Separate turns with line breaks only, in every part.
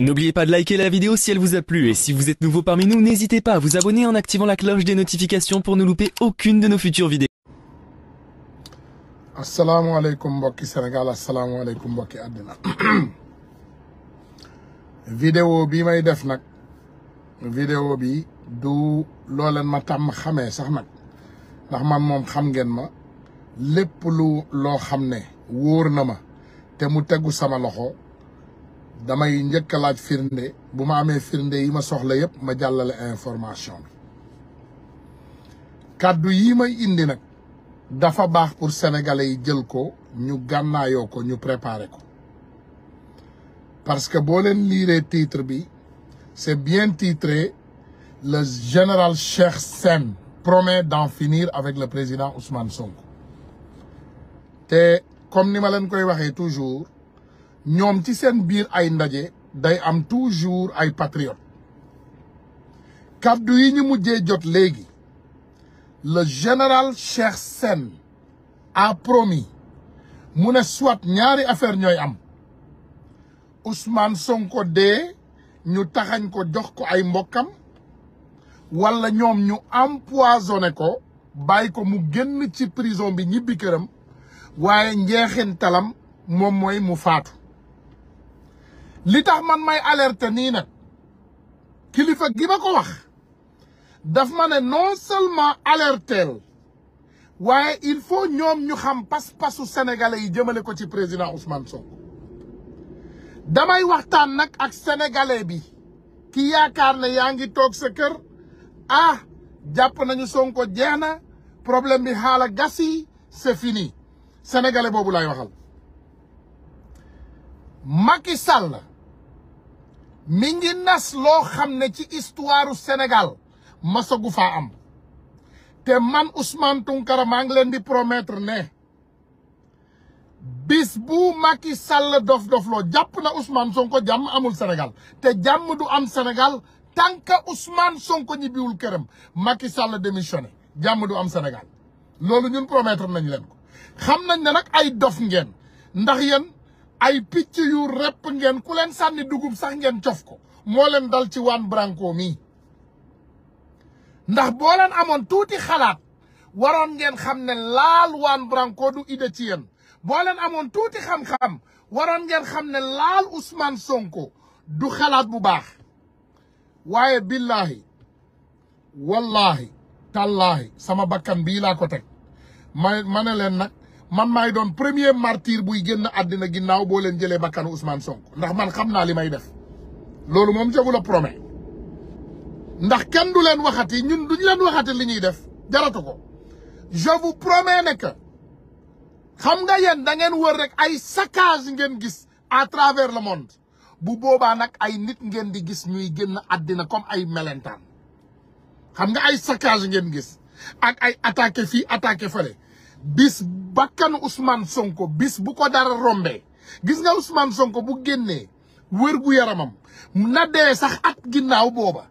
N'oubliez pas de liker la vidéo si elle vous a plu et si vous êtes nouveau parmi nous, n'hésitez pas à vous abonner en activant la cloche des notifications pour ne louper aucune de nos futures vidéos. asalaamaaleykum mbokki Sénégal asalaamaaleykum mbokki àddina vidéo bi may def nag vidéo bi du looleen ma tàmm sax nag ndax man moom xam ngeen ma lépp lu loo xam ne wóor na ma te mu tegu sama loxo damay njëkkalaat a firnde bu ma amee firnde yi ma soxla yépp ma jàllale information bi kàddu yi may indi nag dafa baax pour sénégalais yi jël ko ñu gànnaayoo ko ñu préparer ko parce que boo leen liiree titre bi c'est bien titré le général Cheikh Sène promet d'en finir avec le président Ousmane Sonko te comme ni ma leen koy waxee toujours ñoom ci seen biir ay ndaje day am toujours ay patriotes kàddu yi ñu mujjee jot léegi le général Cheikh Sène a promis mu ne soit ñaari affaire ñooy am Ousmane Sonko dee ñu taxañ ko jox ko ay mbokkam wala ñoom ñu empoisonné ko bàyyi ko mu génn ci prison bi ñibbi këram waaye njeexin talam moom mooy mu faatu li tax man may alerte nii nag kilifa gi ma ko wax daf ma ne non seulement alerteel waaye il faut ñoom ñu xam pas-pasu sénégalais yi jëmale ko ci président Ousmane Sonko damay waxtaan nag ak sénégalais bi ki yaakaar ne yaa ngi toog sa kër ah jàpp nañu Sonko jeex na problème bi xaala gasi yi c'est fini sénégalais boobu laay waxal Macky Sall mi ngi nas loo xam ne ci histoire Sénégal masagu faa am te man Ousmane Tounkara maa ngi leen di promettre ne bis bu Macky Sall dof dof jàpp na Ousmane Sonko jàmm amul Sénégal te jàmm du am Sénégal tant que Ousmane Sonko ñibbiwul këram Macky Sall démissionné jàmm du am Sénégal loolu ñun promettre nañ leen ko xam nañ ne nag ay dof ngeen ndax yéen ay picc yu rep ngeen ku leen sànni dugub sax ngeen cof ko moo leen dal ci Juan Branco mii ndax boo leen amoon tuuti xalaat waroon ngeen xam ne laal Juan Branco du idée ci yéen boo leen amoon tuuti xam-xam waroon ngeen xam ne laal Ousmane Sonko du xalaat bu baax waaye billahi wallahi tallaahi sama bakkan bii laa ko teg ma ma ne leen nag man maay doon premier martyr buy génn àddina ginnaaw boo leen jëlee bakkanu Ousmane Sonko ndax man xam naa li may def loolu moom jegu la promet ndax kenn du leen waxati ñun duñ leen waxati li ñuy def jaratu ko je vous promets xam nga yéen da ngeen wër rek ay saccage ngeen gis à travers le monde bu boobaa nag ay nit ngeen di gis ñuy génn àddina comme ay melentaan xam nga ay saccage ngeen gis ak ay attaqué fii attaqué fële bis bakkanu Ousmane Sonko bis bu ko dara rombee gis nga Ousmane Sonko bu génnee wér gu yaramam na dee sax at ginnaaw booba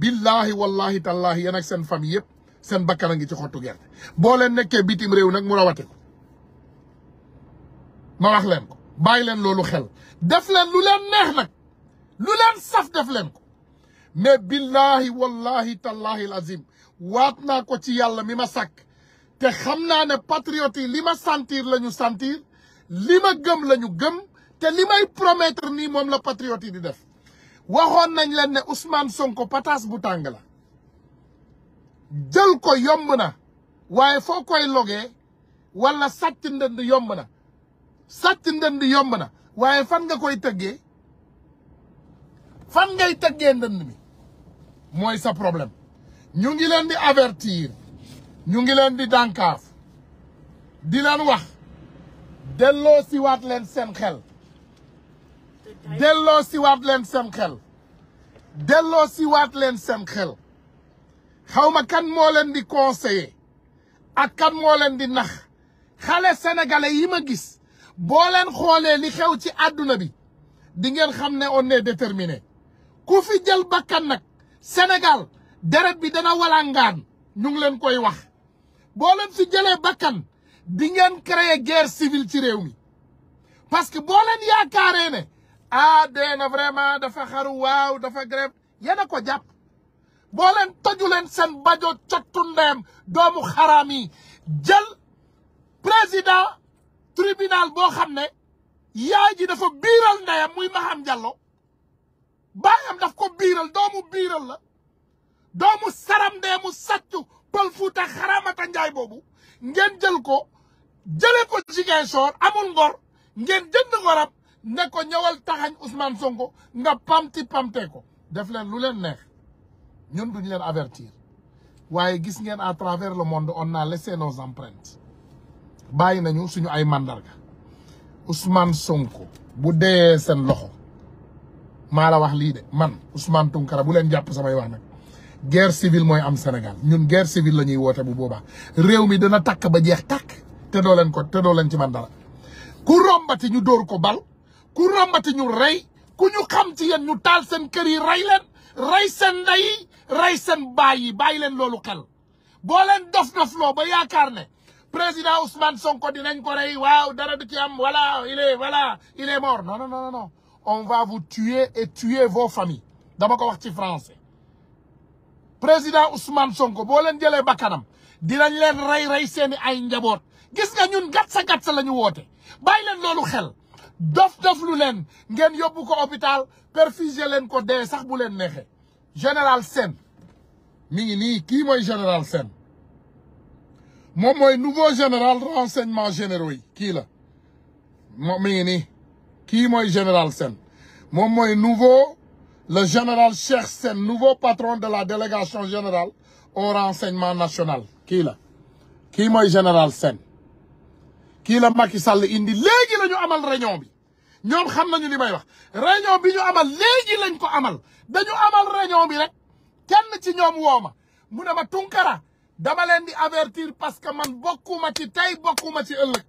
billahi wallahi tallahi yéen ak seen famille yëpp seen bakkan a ngi ci xottu gerte boo leen nekkee bitim réew nag mu rawate ko ma wax leen ko bàyyi leen loolu xel def leen lu leen neex nag lu leen saf def leen ko mais billahi wallahi tallahi alazim waat naa ko ci yàlla mi ma sàkk te xam naa ne patriote yi li ma santiir lañu ñu sentir li ma gëm lañu gëm te li may promettre nii moom la patriote yi di def waxoon nañ leen ne Ousmane Sonko pataas bu tàng la jël ko yomb na waaye foo koy logee wala sàcc ndënd yomb na sàcc ndënd yomb na waaye fan nga koy tëggee fan ngay tëggee ndënd mi mooy sa problème ñu ngi leen di avertir ñu ngi leen di dànkaaf di leen wax delloo siwaat leen seen xel delloo siwaat leen seen delloo siwaat leen seen xel xawma kan moo leen di conseiller ak kan moo leen di nax xale sénégalais yi ma gis boo leen xoolee li xew ci àdduna bi di ngeen xam ne on est déterminé ku fi jël bakkan nag Sénégal deret bi dana walangaan ñu ngi leen koy wax boo leen fi jëlee bakkan di ngeen créer guerre civile ci réew mi parce que boo leen yaakaaree ne ah dee na vraiment dafa xaru waaw dafa grève yéen ko jàpp boo leen toju leen seen bajo cottu ndeem doomu xaraam yi jël président tribunal boo xam ne yaay ji dafa biiral ndeyam muy Maham Diallo baayam daf ko biiral doomu biiral la doomu saram ndee mu sàccu pël fuuta xaraamata njaay boobu ngeen jël ko jëlee ko Ziguinchor amul ngor ngeen jënd ngorab ne ko ñëwal taxañ Ousmane Sonko nga pamti pamte ko def leen lu leen neex ñun duñu leen avertir waaye gis ngeen à travers le monde on a laissé nos empreintes bàyyi nañu suñu ay mandarga Ousmane Sonko bu dee seen loxo maa la wax lii de man Ousmane Tounkara bu leen jàpp samay wax nag guerre civile mooy am Sénégal ñun guerre civile la ñuy woote bu boobaa réew mi dana takk ba jeex takk te doo leen ko te doo leen ci man dara ku rombati ñu dóor ko bal ku rombati ñu rey ku ñu xam ci yéen ñu taal seen kër yi rey leen rey seen ndey yi rey seen bàyyi bàyyi leen loolu xel boo leen dof dofloo ba yaakaar ne président Ousmane Sonko dinañ ko rey waaw dara du ci am voilà il est voilà il est mort on va vous tuer e tuer vos famille dama ko wax ci français. président Ousmane Sonko boo leen jëlee bakkanam dinañ leen rey rey seeni ay njaboot gis nga ñun gatsa gatsa la ñu woote bàyyi leen loolu xel dof dof leen ngeen yóbbu ko hôpital perfusé leen ko dee sax bu leen neexee général seen mi ngi nii kii mooy général Sène moom mooy nouveau général renseignement généraux yi kii la moom mi ngi nii kii mooy général Sène moom mooy nouveau Le général Cheikh Sène, nouveau patron de la délégation général au renseignement national kii la kii mooy général Sène kii la Macky Sall indi léegi lañu amal réunion bi ñoom xam nañu li may wax réunion bi ñu amal léegi lañ ko amal dañu amal réunion bi rek kenn ci ñoom woo ma mu ne ma Tunkara dama leen di avertir parce que man bokkuma ci tay bokkuma ci ëllëg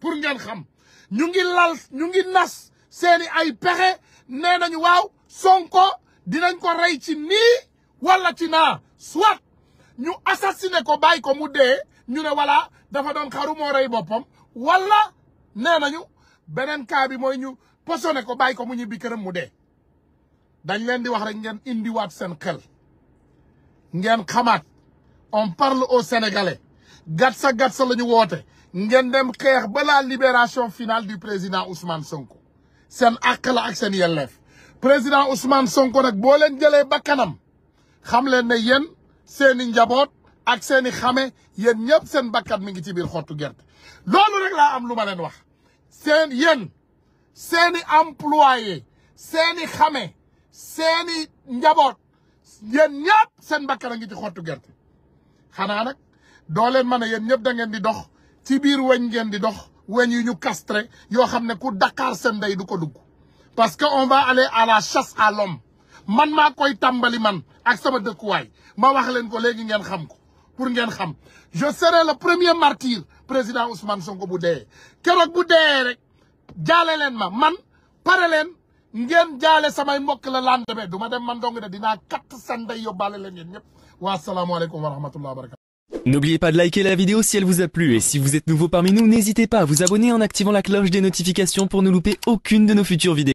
pour ngeen xam ñu ngi lal ñu ngi nas seeni ay pexe nee nañu waaw Sonko dinañ ko rey ci nii walla ci naa suwaat ñu assassiné ko bàyyi ko mu dee ñu ne voilà dafa doon xaru moo rey boppam wala nee nañu beneen cas bi mooy ñu posone ko bàyyi ko mu ñibbi këram mu dee dañ leen di wax rek ngeen indiwaat seen xel ngeen xamaat on parle au sénégalais gat sa gat la ñu woote ngeen dem xeex ba la libération finale du président Ousmane Sonko seen àq ak seen yelleef président Ousmane Sonko nag boo leen jëlee ba xam leen ne yéen seeni njaboot ak seeni xame yéen ñëpp seen bakkat mi ngi ci biir xottu gerte loolu rek laa am lu ma leen wax seen yéen seeni employé seeni xame seeni njaboot yéen ñëpp seen bakkan a ngi ci xottu gerte xanaa nag doo leen mën a yéen ñëpp da ngeen di dox ci biir weñ ngeen di dox weñ yu ñu castré yoo xam ne ku Dakar seen ndey du ko dugg parce que on va aller à la chasse à l'homme man maa koy tàmbali man ak sama dëkkuwaay ma wax leen ko léegi ngeen xam ko pour ngeen xam je serai le premier martyr président Ousmane Sonko bu dee keroog bu dee rek jaale leen ma man pare leen ngeen jaale samay mbokk la lendemain du ma dem man dong de dinaa katt seen ndey yóbbaale leen yéen ñëpp wa salaamu aleykum wa rahmatullah wa barakatu N'oubliez pas de liker la vidéo si elle vous a plu et si vous êtes nouveau parmi nous, n'hésitez pas à vous abonner en activant la cloche des notifications pour ne louper aucune de nos futures vidéos.